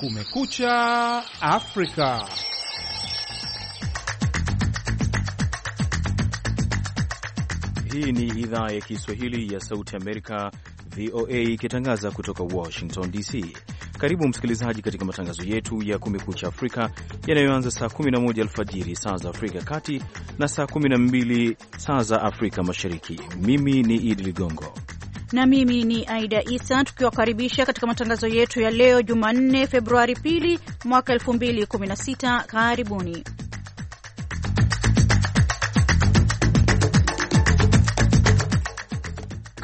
Kumekucha Afrika. Hii ni idhaa ya Kiswahili ya Sauti Amerika, VOA, ikitangaza kutoka Washington DC. Karibu msikilizaji, katika matangazo yetu ya Kumekucha Afrika yanayoanza saa 11 alfajiri saa za Afrika kati na saa 12 saa za Afrika Mashariki. Mimi ni Idi Ligongo na mimi ni Aida Isa, tukiwakaribisha katika matangazo yetu ya leo Jumanne, Februari 2 mwaka 2016. Karibuni.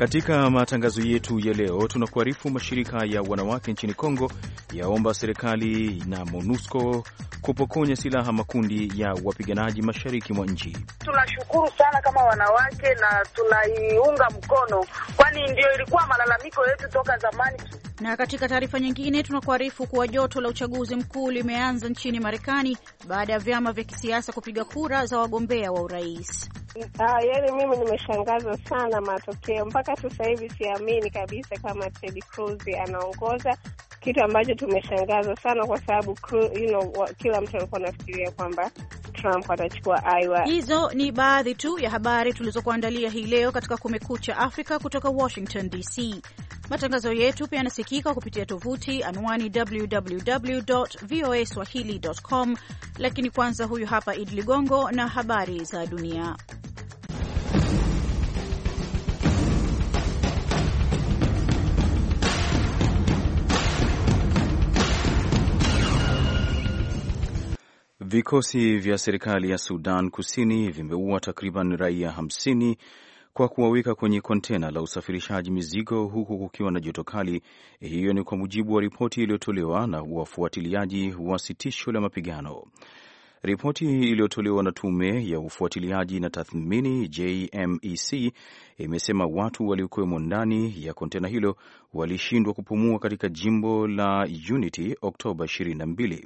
Katika matangazo yetu ya leo tunakuarifu mashirika ya wanawake nchini Kongo yaomba serikali na MONUSCO kupokonya silaha makundi ya wapiganaji mashariki mwa nchi. Tunashukuru sana kama wanawake na tunaiunga mkono, kwani ndio ilikuwa malalamiko yetu toka zamani. Na katika taarifa nyingine tunakuarifu kuwa joto la uchaguzi mkuu limeanza nchini Marekani baada ya vyama vya kisiasa kupiga kura za wagombea wa urais. Ah, yani mimi nimeshangazwa sana matokeo mpaka sasa hivi, siamini kabisa kama Ted Cruz anaongoza kitu ambacho tumeshangazwa sana kwa sababu you know, kila mtu alikuwa anafikiria kwamba Trump atachukua Iowa. Hizo ni baadhi tu ya habari tulizokuandalia hii leo katika Kumekucha Afrika kutoka Washington DC. Matangazo yetu pia yanasikika kupitia tovuti anwani www voa swahili com, lakini kwanza, huyu hapa Idi Ligongo na habari za dunia. Vikosi vya serikali ya Sudan Kusini vimeua takriban raia hamsini kwa kuwaweka kwenye kontena la usafirishaji mizigo huku kukiwa na joto kali. Hiyo ni kwa mujibu wa ripoti iliyotolewa na wafuatiliaji wa sitisho la mapigano. Ripoti iliyotolewa na tume ya ufuatiliaji na tathmini JMEC imesema watu waliokuwemo ndani ya kontena hilo walishindwa kupumua katika jimbo la Unity Oktoba 22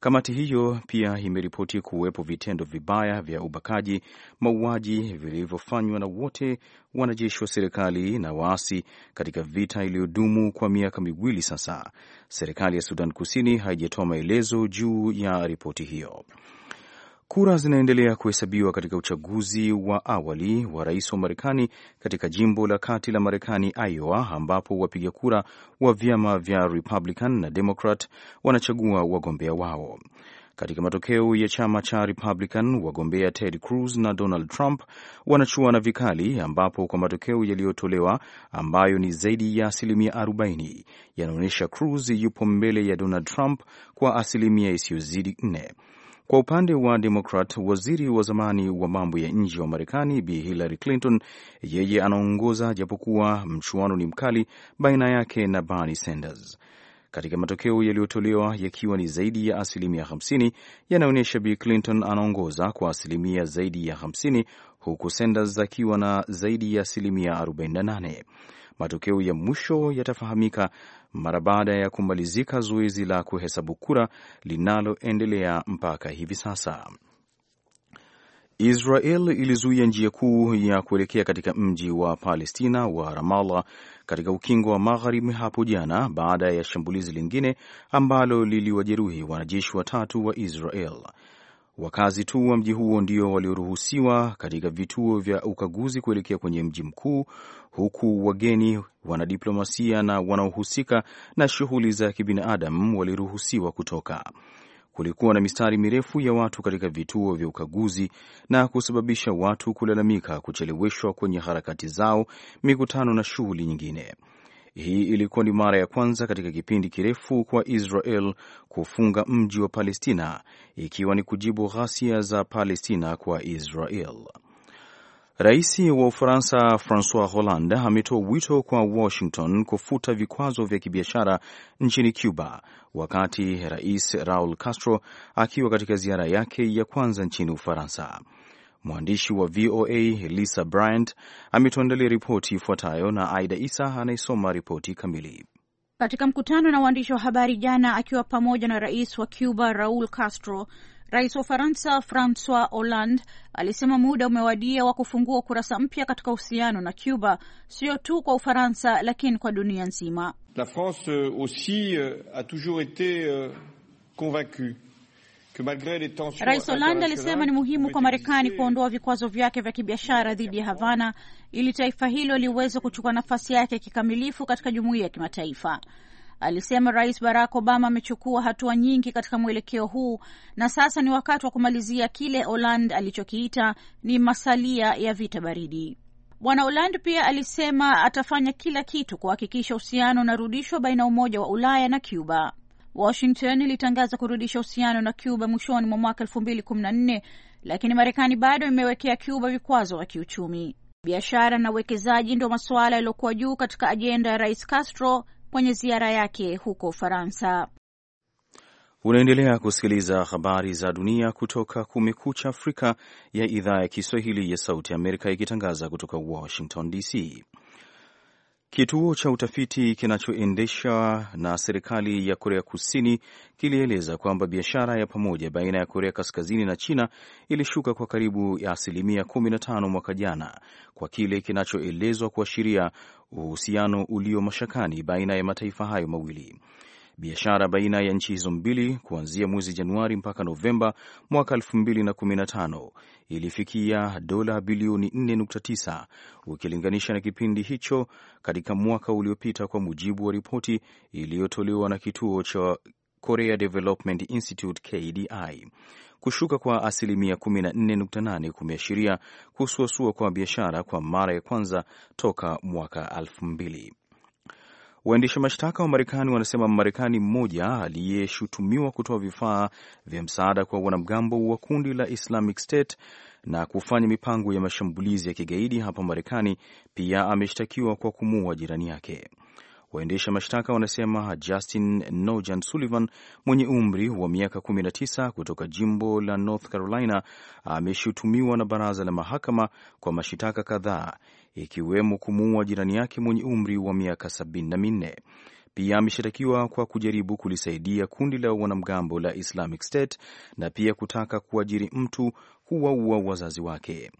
Kamati hiyo pia imeripoti kuwepo vitendo vibaya vya ubakaji, mauaji vilivyofanywa na wote wanajeshi wa serikali na waasi katika vita iliyodumu kwa miaka miwili sasa. Serikali ya Sudan Kusini haijatoa maelezo juu ya ripoti hiyo. Kura zinaendelea kuhesabiwa katika uchaguzi wa awali wa rais wa Marekani katika jimbo la kati la Marekani, Iowa, ambapo wapiga kura wa vyama vya Republican na Democrat wanachagua wagombea wao. Katika matokeo ya chama cha Republican, wagombea Ted Cruz na Donald Trump wanachuana vikali, ambapo kwa matokeo yaliyotolewa ambayo ni zaidi ya asilimia 40 yanaonyesha Cruz yupo mbele ya Donald Trump kwa asilimia isiyozidi 4ne kwa upande wa Demokrat, waziri wa zamani wa mambo ya nje wa Marekani Bi Hillary Clinton yeye anaongoza, japokuwa mchuano ni mkali baina yake na Bernie Sanders. Katika matokeo yaliyotolewa yakiwa ni zaidi ya asilimia 50 yanaonyesha Bi Clinton anaongoza kwa asilimia zaidi ya 50 huku Sanders akiwa na zaidi ya asilimia 48. Matokeo ya mwisho yatafahamika mara baada ya kumalizika zoezi la kuhesabu kura linaloendelea mpaka hivi sasa. Israel ilizuia njia kuu ya kuelekea katika mji wa Palestina wa Ramallah katika ukingo wa magharibi hapo jana baada ya shambulizi lingine ambalo liliwajeruhi wanajeshi watatu wa Israel. Wakazi tu wa mji huo ndio walioruhusiwa katika vituo vya ukaguzi kuelekea kwenye mji mkuu, huku wageni, wanadiplomasia na wanaohusika na shughuli za kibinadamu waliruhusiwa kutoka. Kulikuwa na mistari mirefu ya watu katika vituo vya ukaguzi na kusababisha watu kulalamika kucheleweshwa kwenye harakati zao, mikutano na shughuli nyingine. Hii ilikuwa ni mara ya kwanza katika kipindi kirefu kwa Israel kufunga mji wa Palestina, ikiwa ni kujibu ghasia za Palestina kwa Israel. Rais wa Ufaransa Francois Hollande ametoa wito kwa Washington kufuta vikwazo vya kibiashara nchini Cuba, wakati Rais Raul Castro akiwa katika ziara yake ya kwanza nchini Ufaransa. Mwandishi wa VOA Lisa Bryant ametuandalia ripoti ifuatayo, na Aida Isa anayesoma ripoti kamili. Katika mkutano na waandishi wa habari jana, akiwa pamoja na rais wa Cuba Raul Castro, rais wa Ufaransa Francois Hollande alisema muda umewadia wa kufungua ukurasa mpya katika uhusiano na Cuba, sio tu kwa Ufaransa lakini kwa dunia nzima. La France euh, aussi euh, a toujours été euh, convaincue Rais Hollande alisema ni muhimu kwa Marekani kuondoa vikwazo vyake vya kibiashara dhidi ya Havana ili taifa hilo liweze kuchukua nafasi yake kikamilifu katika jumuiya ya kimataifa. Alisema Rais Barack Obama amechukua hatua nyingi katika mwelekeo huu na sasa ni wakati wa kumalizia kile Hollande alichokiita ni masalia ya vita baridi. Bwana Hollande pia alisema atafanya kila kitu kuhakikisha uhusiano unarudishwa baina ya Umoja wa Ulaya na Cuba. Washington ilitangaza kurudisha uhusiano na Cuba mwishoni mwa mwaka elfu mbili kumi na nne, lakini Marekani bado imewekea Cuba vikwazo vya kiuchumi. Biashara na uwekezaji ndio masuala yaliyokuwa juu katika ajenda ya Rais Castro kwenye ziara yake huko Ufaransa. Unaendelea kusikiliza habari za dunia kutoka Kumekucha Afrika ya idhaa ya Kiswahili ya Sauti Amerika, ikitangaza kutoka Washington DC. Kituo cha utafiti kinachoendeshwa na serikali ya Korea Kusini kilieleza kwamba biashara ya pamoja baina ya Korea Kaskazini na China ilishuka kwa karibu ya asilimia 15 mwaka jana, kwa kile kinachoelezwa kuashiria uhusiano ulio mashakani baina ya mataifa hayo mawili biashara baina ya nchi hizo mbili kuanzia mwezi Januari mpaka Novemba mwaka 2015 ilifikia dola bilioni 4.9 ukilinganisha na kipindi hicho katika mwaka uliopita, kwa mujibu wa ripoti iliyotolewa na kituo cha Korea Development Institute KDI. Kushuka kwa asilimia 14.8 kumeashiria kusuasua kwa biashara kwa mara ya kwanza toka mwaka 2000. Waendesha mashtaka wa Marekani wanasema Marekani mmoja aliyeshutumiwa kutoa vifaa vya msaada kwa wanamgambo wa kundi la Islamic State na kufanya mipango ya mashambulizi ya kigaidi hapa Marekani pia ameshtakiwa kwa kumuua jirani yake. Waendesha mashtaka wanasema Justin Nojan Sullivan mwenye umri wa miaka 19 kutoka jimbo la North Carolina ameshutumiwa na baraza la mahakama kwa mashitaka kadhaa ikiwemo kumuua jirani yake mwenye umri wa miaka sabini na minne. Pia ameshitakiwa kwa kujaribu kulisaidia kundi la wanamgambo la Islamic State na pia kutaka kuajiri mtu kuwaua wazazi wake.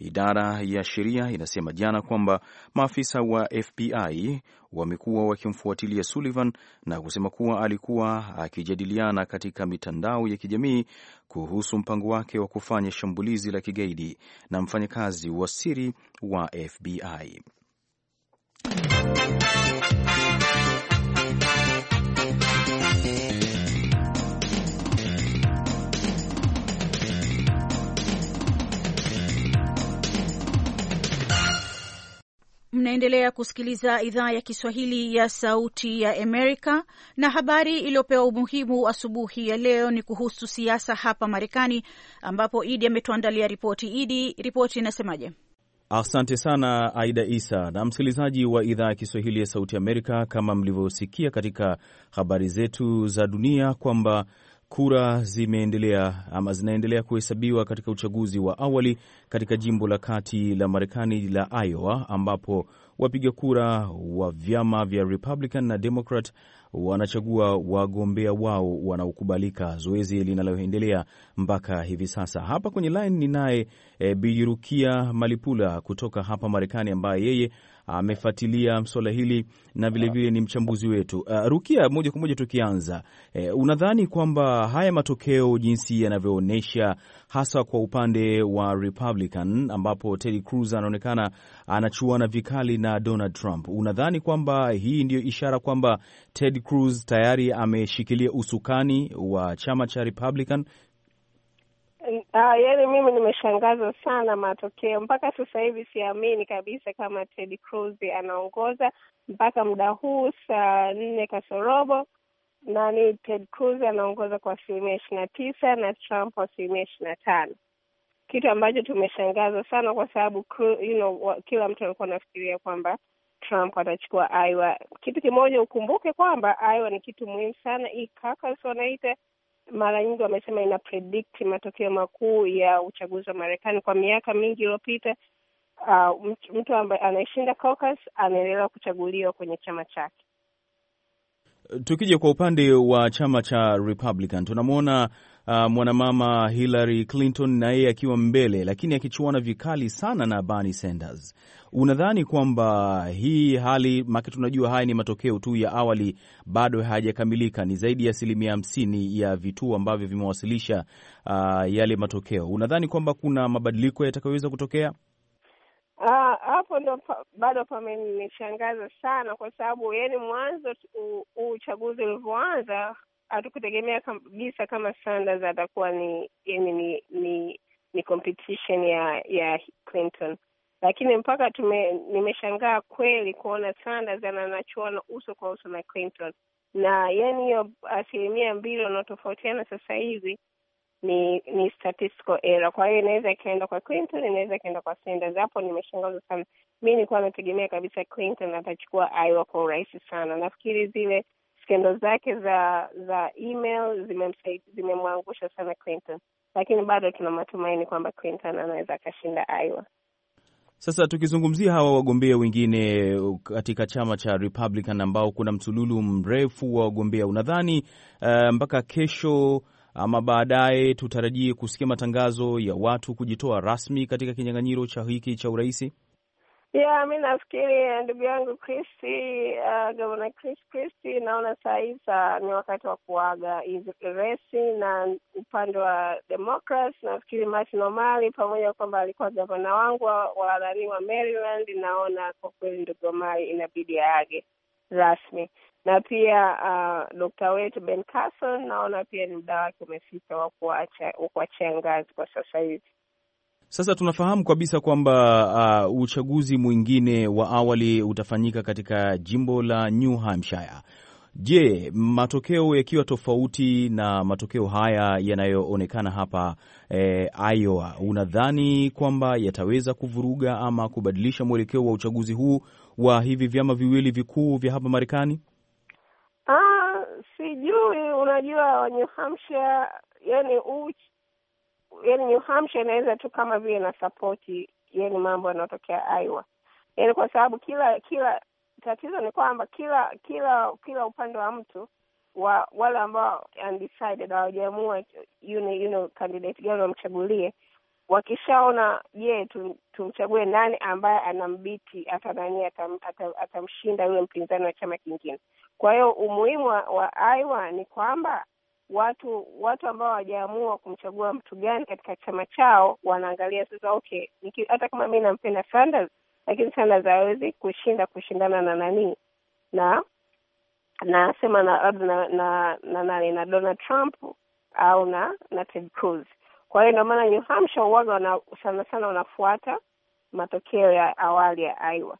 Idara ya sheria inasema jana kwamba maafisa wa FBI wamekuwa wakimfuatilia Sullivan na kusema kuwa alikuwa akijadiliana katika mitandao ya kijamii kuhusu mpango wake wa kufanya shambulizi la kigaidi na mfanyakazi wa siri wa FBI. Mnaendelea kusikiliza idhaa ya Kiswahili ya Sauti ya Amerika, na habari iliyopewa umuhimu asubuhi ya leo ni kuhusu siasa hapa Marekani, ambapo Idi ametuandalia ripoti. Idi, ripoti inasemaje? Asante sana Aida Isa na msikilizaji wa idhaa ya Kiswahili ya Sauti Amerika, kama mlivyosikia katika habari zetu za dunia kwamba kura zimeendelea ama zinaendelea kuhesabiwa katika uchaguzi wa awali katika jimbo la kati la Marekani la Iowa, ambapo wapiga kura wa vyama vya Republican na Democrat wanachagua wagombea wao wanaokubalika, zoezi linaloendelea mpaka hivi sasa. Hapa kwenye line ninaye eh, Birukia Malipula kutoka hapa Marekani, ambaye yeye amefuatilia swala hili na vilevile vile ni mchambuzi wetu. Uh, Rukia, moja kwa moja tukianza, eh, unadhani kwamba haya matokeo jinsi yanavyoonyesha hasa kwa upande wa Republican ambapo Ted Cruz anaonekana anachuana vikali na Donald Trump, unadhani kwamba hii ndiyo ishara kwamba Ted Cruz tayari ameshikilia usukani wa chama cha Republican Ah, yaani mimi nimeshangazwa sana matokeo. Mpaka sasa hivi siamini kabisa kama Ted Cruz anaongoza mpaka muda huu saa nne kasorobo na ni Ted Cruz anaongoza kwa asilimia ishirini na tisa na Trump kwa asilimia ishirini na tano kitu ambacho tumeshangazwa sana kwa sababu you know, kila mtu alikuwa anafikiria kwamba Trump atachukua Iowa. Kitu kimoja ukumbuke kwamba Iowa ni kitu muhimu sana, hii caucus wanaita mara nyingi wamesema ina predict matokeo makuu ya uchaguzi wa Marekani. Kwa miaka mingi iliyopita, uh, mtu ambaye anayeshinda caucus anaendelea kuchaguliwa kwenye chama chake. Tukija kwa upande wa chama cha Republican tunamwona uh, mwanamama Hillary Clinton na yeye akiwa mbele, lakini akichuana vikali sana na Bernie Sanders. Unadhani kwamba hii hali make tunajua haya ni matokeo tu ya awali, bado hayajakamilika, ni zaidi ya asilimia hamsini ya vituo ambavyo vimewasilisha uh, yale matokeo. Unadhani kwamba kuna mabadiliko yatakayoweza kutokea? Ah, hapo uh, ndo pa, bado pamenishangaza sana kwa sababu yani, mwanzo uchaguzi ulivyoanza hatukutegemea kabisa kama Sanders atakuwa ni yani ni ni ni competition ya ya Clinton, lakini mpaka tume, nimeshangaa kweli kuona Sanders anachuana uso kwa uso na Clinton, na yani hiyo asilimia mbili wanaotofautiana sasa hivi ni ni statistical error. Kwa hiyo inaweza ikaenda kwa Clinton, inaweza ikaenda kwa Sanders. Hapo nimeshangazwa sana. Mi nilikuwa nategemea kabisa Clinton atachukua Iowa kwa urahisi sana. Nafikiri zile skendo zake za za email zimemwangusha sana Clinton, lakini bado tuna matumaini kwamba Clinton anaweza akashinda Iowa. Sasa tukizungumzia hawa wagombea wengine katika chama cha Republican ambao kuna msululu mrefu wa wagombea, unadhani uh, mpaka kesho ama baadaye tutarajie kusikia matangazo ya watu kujitoa rasmi katika kinyang'anyiro cha hiki cha uraisi? Yeah, mi nafikiri eh, ndugu yangu Kristi, uh, eh, gavana Chris Kristi, naona saa hizi ni wakati wa kuaga hizi resi, na upande wa Democrats nafikiri Martin Omari, pamoja kwamba alikuwa gavana wangu wa nani wa Maryland, naona kwa kweli ndugu Omari inabidi aage rasmi, na pia uh, dokta wetu Ben Carson, naona pia ni muda wake umefika wa kuachia ngazi kwa sasa hivi. Sasa tunafahamu kabisa kwamba uh, uchaguzi mwingine wa awali utafanyika katika jimbo la New Hampshire. Je, matokeo yakiwa tofauti na matokeo haya yanayoonekana hapa eh, Iowa, unadhani kwamba yataweza kuvuruga ama kubadilisha mwelekeo wa uchaguzi huu wa hivi vyama viwili vikuu vya hapa Marekani? Ah, sijui. Unajua New Hampshire, yani yani New Hampshire inaweza tu kama vile na sapoti yani mambo yanayotokea Iowa, yani kwa sababu kila kila tatizo ni kwamba kila kila kila upande wa mtu wa wale ambao undecided hawajaamua you know, candidate gani wamchagulie, wakishaona je, tum, tumchague nani ambaye anambiti hata nani atamshinda yule mpinzani wa chama kingine. Kwa hiyo umuhimu wa Iowa ni kwamba watu watu ambao hawajaamua kumchagua mtu gani katika chama chao wanaangalia sasa, okay, hata kama mi nampenda Sanders, lakini Sanders hawezi kushinda kushindana na nani na nasema na labda na na, na, na, na Donald Trump au na na Ted Cruz. Kwa hiyo ndio maana New Hampshire uwaga sana sana wanafuata matokeo ya awali ya Iowa.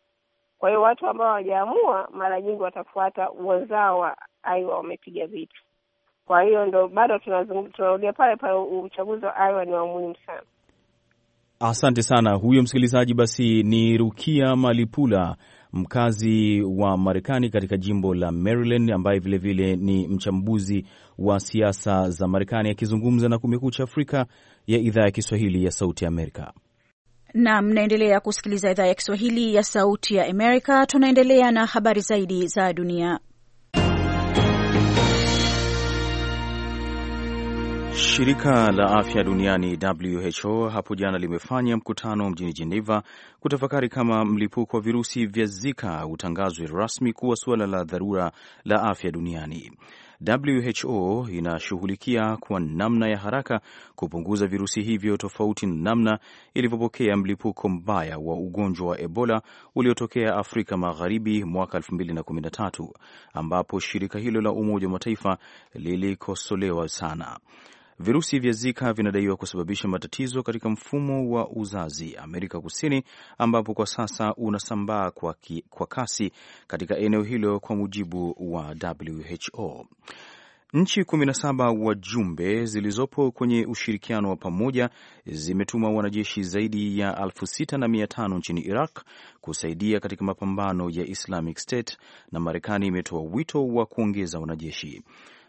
Kwa hiyo watu ambao hawajaamua mara nyingi watafuata wenzao wa Iowa wamepiga vitu kwa hiyo ndo bado tunarudia pale pale, uchaguzi wa Iowa ni wa muhimu sana. Asante sana. Huyo msikilizaji basi ni Rukia Malipula, mkazi wa Marekani katika jimbo la Maryland, ambaye vilevile vile ni mchambuzi wa siasa za Marekani, akizungumza na Kumekucha Afrika ya idhaa ya Kiswahili ya Sauti Amerika. Na mnaendelea kusikiliza idhaa ya Kiswahili ya Sauti ya Amerika. Tunaendelea na habari zaidi za dunia. Shirika la afya duniani WHO hapo jana limefanya mkutano mjini Geneva kutafakari kama mlipuko wa virusi vya Zika utangazwe rasmi kuwa suala la dharura la afya duniani. WHO inashughulikia kwa namna ya haraka kupunguza virusi hivyo, tofauti na namna ilivyopokea mlipuko mbaya wa ugonjwa wa Ebola uliotokea Afrika Magharibi mwaka 2013 ambapo shirika hilo la Umoja wa Mataifa lilikosolewa sana. Virusi vya Zika vinadaiwa kusababisha matatizo katika mfumo wa uzazi Amerika Kusini, ambapo kwa sasa unasambaa kwa, ki, kwa kasi katika eneo hilo kwa mujibu wa WHO. Nchi 17 wajumbe zilizopo kwenye ushirikiano wa pamoja zimetuma wanajeshi zaidi ya 6500 nchini Iraq kusaidia katika mapambano ya Islamic State na Marekani imetoa wito wa kuongeza wanajeshi.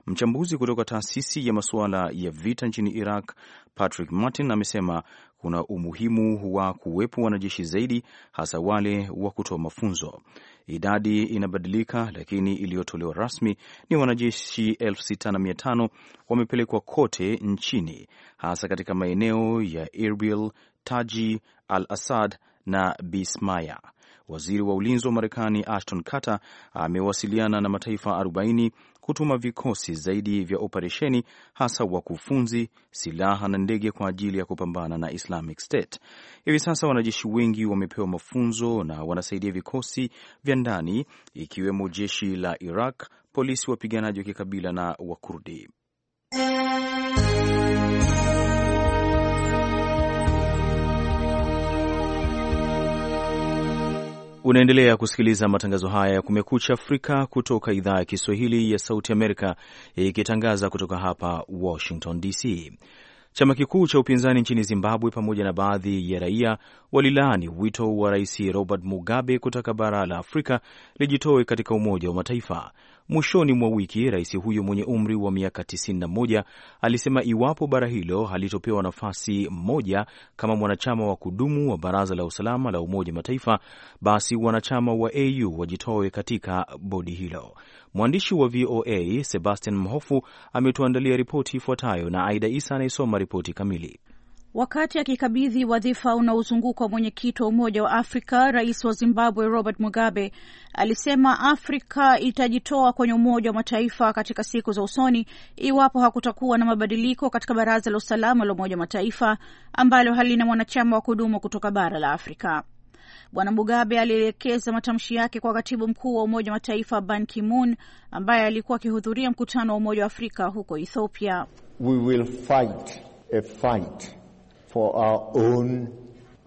Mchambuzi kutoka taasisi ya masuala ya vita nchini Iraq, Patrick Martin, amesema kuna umuhimu wa kuwepo wanajeshi zaidi, hasa wale wa kutoa mafunzo. Idadi inabadilika, lakini iliyotolewa rasmi ni wanajeshi 6500 wamepelekwa kote nchini, hasa katika maeneo ya Erbil, Taji, Al Asad na Bismaya. Waziri wa ulinzi wa Marekani Ashton Carter amewasiliana na mataifa 40 kutuma vikosi zaidi vya operesheni, hasa wakufunzi, silaha na ndege kwa ajili ya kupambana na Islamic State. Hivi sasa wanajeshi wengi wamepewa mafunzo na wanasaidia vikosi vya ndani, ikiwemo jeshi la Iraq, polisi, wapiganaji wa kikabila na Wakurdi. Unaendelea kusikiliza matangazo haya ya Kumekucha Afrika kutoka idhaa ya Kiswahili ya Sauti Amerika ikitangaza kutoka hapa Washington DC. Chama kikuu cha upinzani nchini Zimbabwe pamoja na baadhi ya raia walilaani wito wa Rais Robert Mugabe kutaka bara la Afrika lijitoe katika Umoja wa Mataifa. Mwishoni mwa wiki, rais huyo mwenye umri wa miaka 91 alisema iwapo bara hilo halitopewa nafasi moja kama mwanachama wa kudumu wa Baraza la Usalama la Umoja Mataifa, basi wanachama wa AU wajitoe katika bodi hilo. Mwandishi wa VOA Sebastian Mhofu ametuandalia ripoti ifuatayo, na Aida Isa anayesoma ripoti kamili. Wakati akikabidhi wadhifa unaozunguka mwenyekiti wa Umoja wa Afrika, rais wa Zimbabwe Robert Mugabe alisema Afrika itajitoa kwenye Umoja wa Mataifa katika siku za usoni iwapo hakutakuwa na mabadiliko katika Baraza la Usalama la Umoja wa Mataifa ambalo halina mwanachama wa kudumu kutoka bara la Afrika. Bwana Mugabe alielekeza matamshi yake kwa katibu mkuu wa Umoja wa Mataifa Ban Ki-moon ambaye alikuwa akihudhuria mkutano wa Umoja wa Afrika huko Ethiopia. We will fight a fight for our own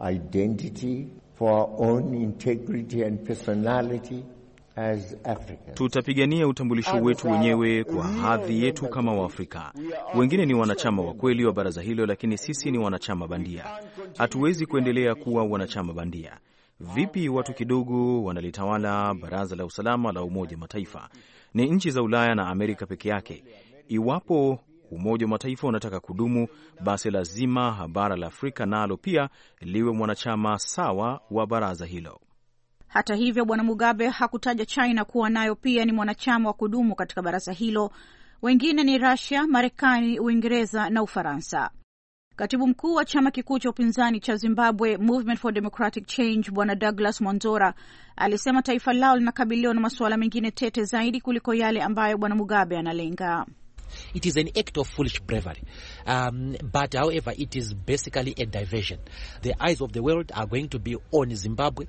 identity, for our own integrity and personality. tutapigania utambulisho wetu wenyewe kwa hadhi yetu kama Waafrika. Wengine ni wanachama wa kweli wa baraza hilo, lakini sisi ni wanachama bandia. Hatuwezi kuendelea kuwa wanachama bandia. Vipi watu kidogo wanalitawala baraza la usalama la Umoja Mataifa? Ni nchi za Ulaya na Amerika peke yake. Iwapo Umoja wa Mataifa unataka kudumu, basi lazima bara la Afrika nalo na pia liwe mwanachama sawa wa baraza hilo. Hata hivyo, Bwana Mugabe hakutaja China kuwa nayo pia ni mwanachama wa kudumu katika baraza hilo. Wengine ni Rusia, Marekani, Uingereza na Ufaransa. Katibu mkuu wa chama kikuu cha upinzani cha Zimbabwe Movement for Democratic Change Bwana Douglas Monzora alisema taifa lao linakabiliwa na masuala mengine tete zaidi kuliko yale ambayo Bwana Mugabe analenga. It is an act of foolish bravery. Um, but however, it is basically a diversion. The eyes of the world are going to be on Zimbabwe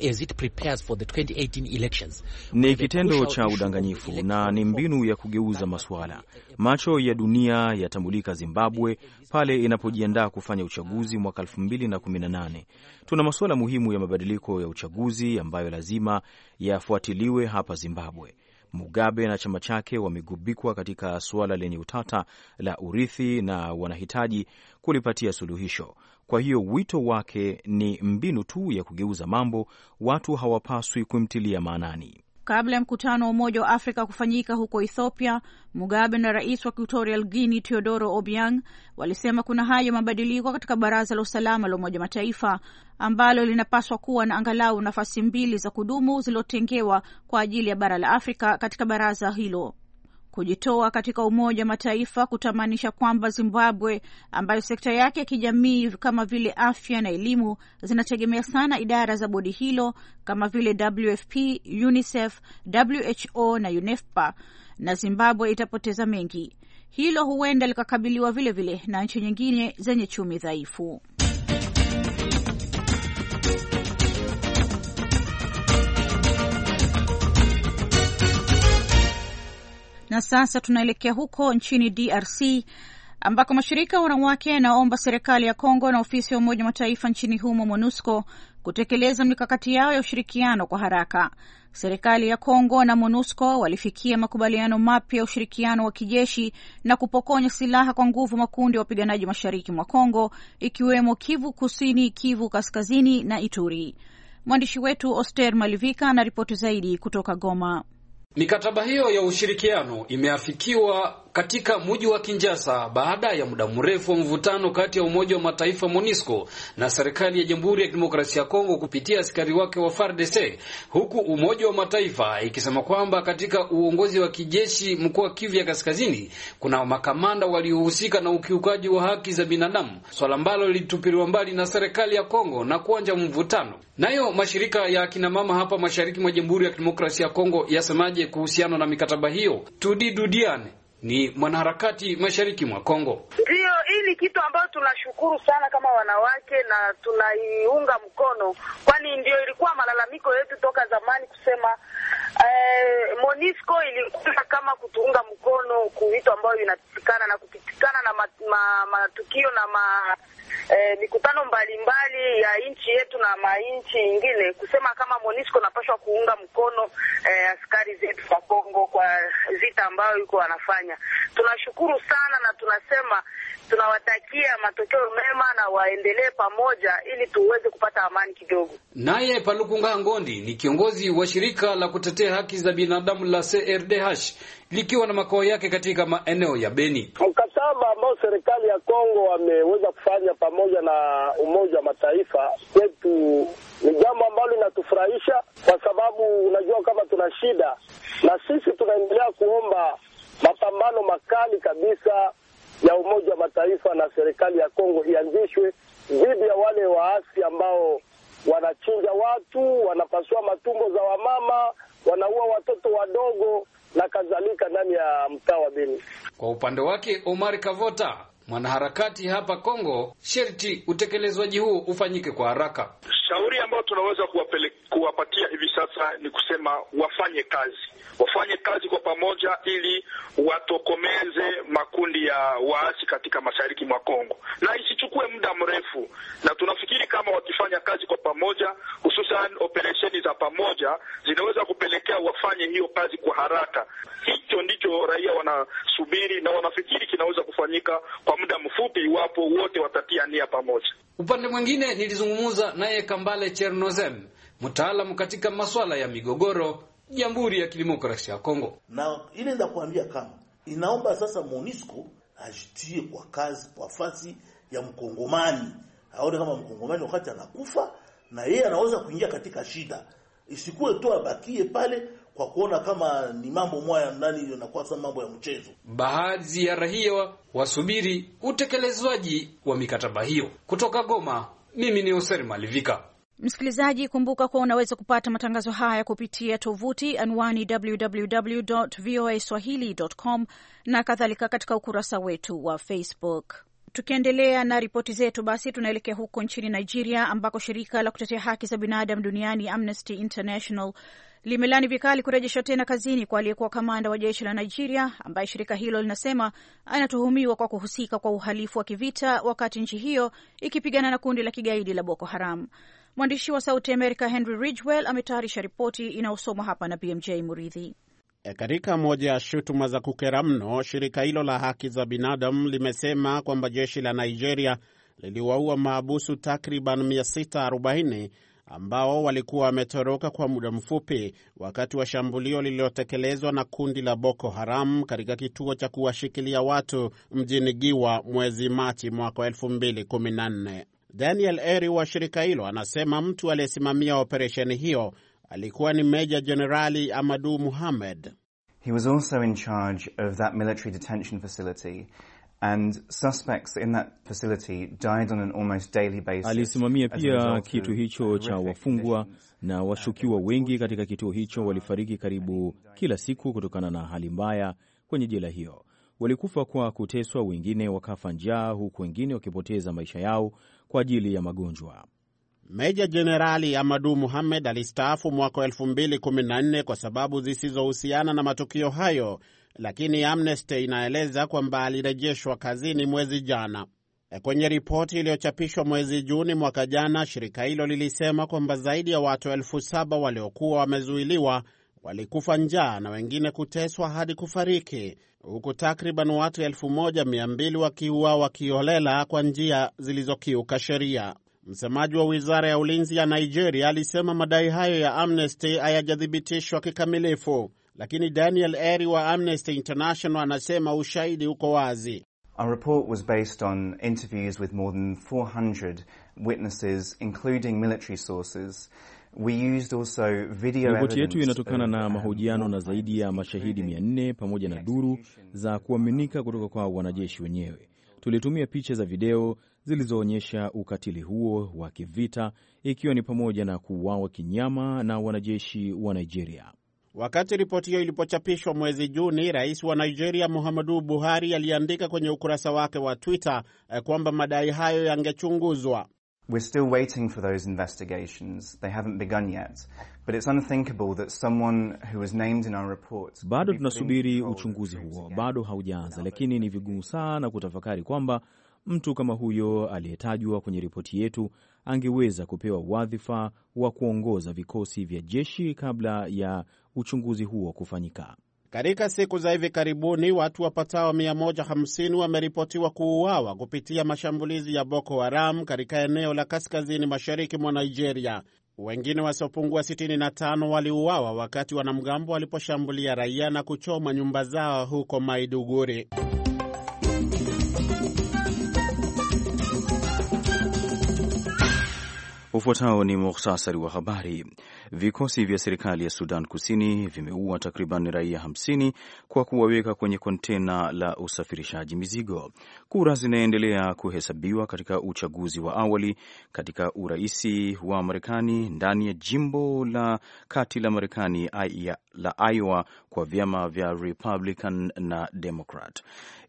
as it prepares for the 2018 elections. Ni kitendo cha udanganyifu na ni mbinu ya kugeuza masuala. Macho ya dunia yatamulika Zimbabwe pale inapojiandaa kufanya uchaguzi mwaka 2018. Tuna masuala muhimu ya mabadiliko ya uchaguzi ambayo lazima yafuatiliwe hapa Zimbabwe. Mugabe na chama chake wamegubikwa katika suala lenye utata la urithi na wanahitaji kulipatia suluhisho. Kwa hiyo wito wake ni mbinu tu ya kugeuza mambo, watu hawapaswi kumtilia maanani. Kabla ya mkutano wa Umoja wa Afrika kufanyika huko Ethiopia, Mugabe na rais wa Equatorial guini Teodoro Obiang walisema kuna hayo mabadiliko katika Baraza la Usalama la Umoja Mataifa ambalo linapaswa kuwa na angalau nafasi mbili za kudumu zilizotengewa kwa ajili ya bara la Afrika katika baraza hilo. Kujitoa katika Umoja wa Mataifa kutamaanisha kwamba Zimbabwe ambayo sekta yake ya kijamii kama vile afya na elimu zinategemea sana idara za bodi hilo kama vile WFP, UNICEF, WHO na unefpa na Zimbabwe itapoteza mengi. Hilo huenda likakabiliwa vilevile na nchi nyingine zenye chumi dhaifu. Na sasa tunaelekea huko nchini DRC ambako mashirika ya wanawake yanaomba serikali ya Kongo na ofisi ya Umoja Mataifa nchini humo MONUSCO kutekeleza mikakati yao ya ushirikiano kwa haraka. Serikali ya Kongo na MONUSCO walifikia makubaliano mapya ya ushirikiano wa kijeshi na kupokonya silaha kwa nguvu makundi ya wapiganaji mashariki mwa Kongo, ikiwemo Kivu Kusini, Kivu Kaskazini na Ituri. Mwandishi wetu Oster Malivika ana ripoti zaidi kutoka Goma. Mikataba hiyo ya ushirikiano imeafikiwa katika mji wa Kinjasa baada ya muda mrefu wa mvutano kati ya Umoja wa Mataifa MONUSCO na serikali ya Jamhuri ya Kidemokrasia ya Kongo kupitia askari wake wa FARDC, huku Umoja wa Mataifa ikisema kwamba katika uongozi wa kijeshi mkoa wa Kivu ya Kaskazini kuna makamanda waliohusika na ukiukaji wa haki za binadamu, swala ambalo lilitupiliwa mbali na serikali ya Kongo na kuanja mvutano. Nayo mashirika ya akinamama hapa mashariki mwa Jamhuri ya Kidemokrasia ya Kongo yasemaje kuhusiana na mikataba hiyo? Tudi ni mwanaharakati mashariki mwa Kongo. Ndio, hii ni kitu ambayo tunashukuru sana kama wanawake na tunaiunga mkono, kwani ndio ilikuwa malalamiko yetu toka zamani kusema eh, Monisco ilikuwa kama kutuunga mkono kuvitu ambayo inapitikana na kupitikana na matukio ma, ma, na ma eh, mikutano mbalimbali ya nchi yetu na mainchi ingine kusema kama Monisco napashwa kuunga mkono eh, askari zetu wa Kongo kwa vita ambayo yuko wanafanya. Tunashukuru sana na tunasema tunawatakia matokeo mema na waendelee pamoja ili tuweze kupata amani kidogo. Naye Palukunga Ngondi ni kiongozi wa shirika la kutetea haki za binadamu la CRDH likiwa na makao yake katika maeneo ya Beni mkataba ambao serikali ya Kongo wameweza kufanya pamoja na Umoja wa Mataifa kwetu ni jambo ambalo linatufurahisha, kwa sababu unajua kama tuna shida, na sisi tunaendelea kuomba mapambano makali kabisa ya Umoja wa Mataifa na serikali ya Kongo ianzishwe dhidi ya wale waasi ambao wanachinja watu, wanapasua matumbo za wamama, wanaua watoto wadogo na kadhalika ndani ya mtaa wa Beni. Kwa upande wake Omar Kavota, mwanaharakati hapa Kongo, sherti utekelezwaji huo ufanyike kwa haraka. Shauri ambayo tunaweza kuwapele, kuwapatia hivi sasa ni kusema wafanye kazi, wafanye kazi kwa pamoja ili watokomeze makundi katika mashariki mwa Kongo, na isichukue muda mrefu, na tunafikiri kama wakifanya kazi kwa pamoja, hususan operesheni za pamoja zinaweza kupelekea wafanye hiyo kazi kwa haraka. Hicho ndicho raia wanasubiri na wanafikiri kinaweza kufanyika kwa muda mfupi, iwapo wote watatia nia pamoja. Upande mwingine, nilizungumza naye Kambale Chernozem, mtaalamu katika masuala ya migogoro Jamhuri ya Kidemokrasia ya Kongo, na ile nenda kuambia kama inaomba sasa MONUSCO ajitie kwa kazi kwa fasi ya mkongomani, aone kama mkongomani wakati anakufa na yeye anaweza kuingia katika shida, isikuwe tu abakie pale kwa kuona kama ni mambo mwaya ndani yanakuwa sana mambo ya mchezo. Baadhi ya raia wasubiri utekelezwaji wa mikataba hiyo. Kutoka Goma, mimi ni hoser Malivika. Msikilizaji, kumbuka kuwa unaweza kupata matangazo haya kupitia tovuti anwani www voa swahili.com na kadhalika katika ukurasa wetu wa Facebook. Tukiendelea na ripoti zetu, basi tunaelekea huko nchini Nigeria ambako shirika la kutetea haki za binadamu duniani Amnesty International limelani vikali kurejeshwa tena kazini kwa aliyekuwa kamanda wa jeshi la Nigeria ambaye shirika hilo linasema anatuhumiwa kwa kuhusika kwa uhalifu wa kivita wakati nchi hiyo ikipigana na kundi la kigaidi la Boko Haram. Mwandishi wa Sauti Amerika Henry Ridgwell ametayarisha ripoti inayosomwa hapa na BMJ Muridhi. E, katika moja ya shutuma za kukera mno, shirika hilo la haki za binadamu limesema kwamba jeshi la Nigeria liliwaua maabusu takriban 640 ambao walikuwa wametoroka kwa muda mfupi wakati wa shambulio lililotekelezwa na kundi la Boko Haram katika kituo cha kuwashikilia watu mjini Giwa mwezi Machi mwaka 2014. Daniel Eri wa shirika hilo anasema mtu aliyesimamia operesheni hiyo alikuwa ni Meja Jenerali Amadu Muhamed. He was also in charge of that military detention facility and suspects in that facility died on an almost daily basis. Alisimamia pia kitu hicho cha wafungwa na washukiwa uh, wengi katika kituo hicho uh, walifariki karibu kila siku kutokana na hali mbaya kwenye jela hiyo walikufa kwa kuteswa, wengine wakafa njaa, huku wengine wakipoteza maisha yao kwa ajili ya magonjwa. Meja Jenerali Amadu Muhammed alistaafu mwaka 2014 kwa sababu zisizohusiana na matukio hayo, lakini Amnesty inaeleza kwamba alirejeshwa kazini mwezi jana. E, kwenye ripoti iliyochapishwa mwezi Juni mwaka jana, shirika hilo lilisema kwamba zaidi ya watu elfu saba waliokuwa wamezuiliwa walikufa njaa na wengine kuteswa hadi kufariki, huku takriban watu 1200 wakiuawa kiholela kwa njia zilizokiuka sheria. Msemaji wa wizara ya ulinzi ya Nigeria alisema madai hayo ya Amnesty hayajathibitishwa kikamilifu, lakini Daniel Eri wa Amnesty International anasema ushahidi uko wazi. Our report was based on interviews with more than 400 witnesses including military sources. Ripoti yetu inatokana na um, mahojiano na zaidi ya mashahidi 400 pamoja na duru za kuaminika kutoka kwa wanajeshi wenyewe. Tulitumia picha za video zilizoonyesha ukatili huo wa kivita, ikiwa ni pamoja na kuuawa kinyama na wanajeshi wa Nigeria. Wakati ripoti hiyo ilipochapishwa mwezi Juni, rais wa Nigeria Muhammadu Buhari aliandika kwenye ukurasa wake wa Twitter eh, kwamba madai hayo yangechunguzwa. We're still waiting for those investigations. They haven't begun yet. But it's unthinkable that someone who was named in our report. Bado tunasubiri uchunguzi huo, bado haujaanza, lakini ni vigumu sana kutafakari kwamba mtu kama huyo aliyetajwa kwenye ripoti yetu angeweza kupewa wadhifa wa kuongoza vikosi vya jeshi kabla ya uchunguzi huo kufanyika. Katika siku za hivi karibuni watu wapatao 150 wameripotiwa kuuawa kupitia mashambulizi ya Boko Haram katika eneo la kaskazini mashariki mwa Nigeria. Wengine wasiopungua 65 waliuawa wakati wanamgambo waliposhambulia raia na kuchoma nyumba zao huko Maiduguri. Ufuatao ni muhtasari wa habari. Vikosi vya serikali ya Sudan Kusini vimeua takriban raia 50 kwa kuwaweka kwenye kontena la usafirishaji mizigo. Kura zinaendelea kuhesabiwa katika uchaguzi wa awali katika uraisi wa Marekani ndani ya jimbo la kati la Marekani la Iowa kwa vyama vya Republican na Democrat.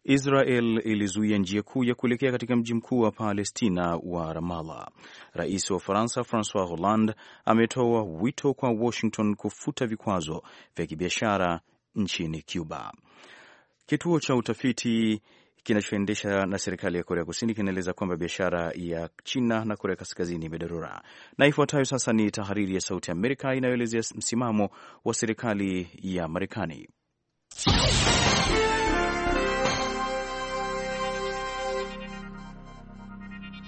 Israel ilizuia njia kuu ya kuelekea katika mji mkuu wa Palestina wa Ramallah. Rais wa Ufaransa Francois Hollande ametoa wito kwa Washington kufuta vikwazo vya kibiashara nchini Cuba. Kituo cha utafiti kinachoendesha na serikali ya Korea Kusini kinaeleza kwamba biashara ya China na Korea Kaskazini imedorora. Na ifuatayo sasa ni tahariri ya Sauti ya Amerika inayoelezea msimamo wa serikali ya Marekani.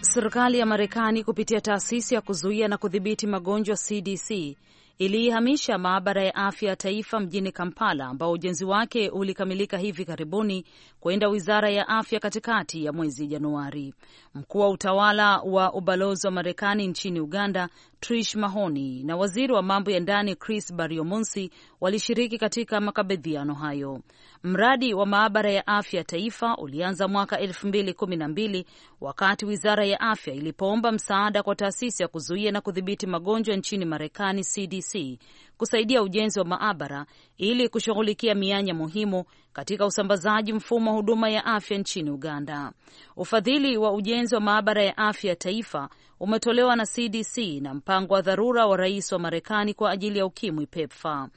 Serikali ya Marekani kupitia taasisi ya kuzuia na kudhibiti magonjwa CDC iliihamisha maabara ya afya ya taifa mjini Kampala ambao ujenzi wake ulikamilika hivi karibuni kwenda wizara ya afya katikati ya mwezi Januari. Mkuu wa utawala wa ubalozi wa Marekani nchini Uganda Trish Mahoni na waziri wa mambo ya ndani Chris Bariomunsi walishiriki katika makabidhiano hayo. Mradi wa maabara ya afya ya taifa ulianza mwaka elfu mbili kumi na mbili wakati wizara ya afya ilipoomba msaada kwa taasisi ya kuzuia na kudhibiti magonjwa nchini Marekani, CDC, kusaidia ujenzi wa maabara ili kushughulikia mianya muhimu katika usambazaji mfumo wa huduma ya afya nchini Uganda. Ufadhili wa ujenzi wa maabara ya afya ya taifa umetolewa na CDC na mpango wa dharura wa rais wa Marekani kwa ajili ya ukimwi PEPFAR.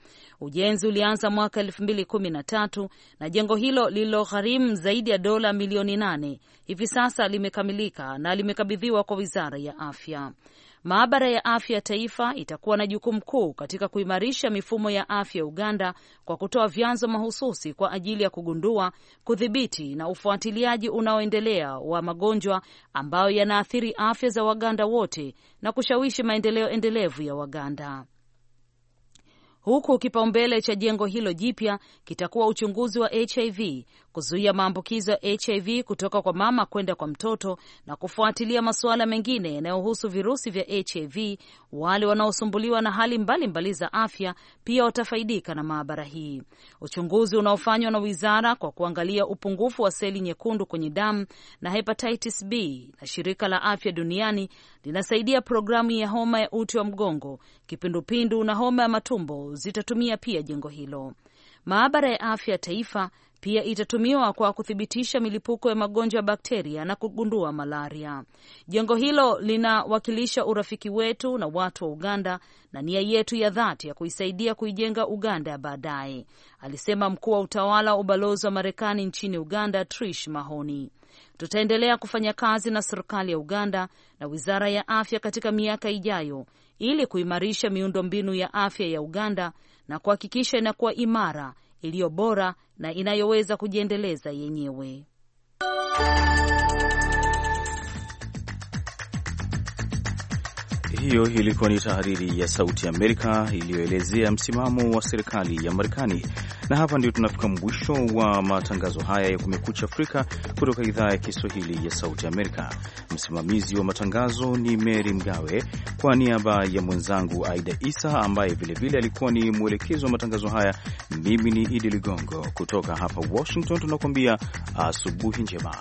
Ujenzi ulianza mwaka tatu na jengo hilo lililogharimu zaidi ya dola milioni nane hivi sasa limekamilika na limekabidhiwa kwa wizara ya afya. Maabara ya Afya ya Taifa itakuwa na jukumu kuu katika kuimarisha mifumo ya afya Uganda kwa kutoa vyanzo mahususi kwa ajili ya kugundua, kudhibiti na ufuatiliaji unaoendelea wa magonjwa ambayo yanaathiri afya za Waganda wote na kushawishi maendeleo endelevu ya Waganda huku kipaumbele cha jengo hilo jipya kitakuwa uchunguzi wa HIV, kuzuia maambukizo ya HIV kutoka kwa mama kwenda kwa mtoto na kufuatilia masuala mengine yanayohusu virusi vya HIV. Wale wanaosumbuliwa na hali mbalimbali za afya pia watafaidika na maabara hii. Uchunguzi unaofanywa na wizara kwa kuangalia upungufu wa seli nyekundu kwenye damu na hepatitis B na shirika la afya duniani linasaidia programu ya homa ya uti wa mgongo, kipindupindu na homa ya matumbo zitatumia pia jengo hilo. Maabara ya afya ya taifa pia itatumiwa kwa kuthibitisha milipuko ya magonjwa ya bakteria na kugundua malaria. Jengo hilo linawakilisha urafiki wetu na watu wa Uganda na nia yetu ya dhati ya kuisaidia kuijenga Uganda ya baadaye, alisema mkuu wa utawala wa ubalozi wa Marekani nchini Uganda, Trish Mahoni. Tutaendelea kufanya kazi na serikali ya Uganda na wizara ya afya katika miaka ijayo ili kuimarisha miundombinu ya afya ya Uganda na kuhakikisha inakuwa imara iliyo bora na inayoweza kujiendeleza yenyewe. hiyo ilikuwa ni tahariri ya Sauti ya Amerika iliyoelezea msimamo wa serikali ya Marekani. Na hapa ndio tunafika mwisho wa matangazo haya ya Kumekucha Afrika kutoka idhaa ya Kiswahili ya Sauti Amerika. Msimamizi wa matangazo ni Mary Mgawe, kwa niaba ya mwenzangu Aida Isa ambaye vilevile alikuwa ni mwelekezi wa matangazo haya. Mimi ni Idi Ligongo kutoka hapa Washington, tunakuambia asubuhi njema.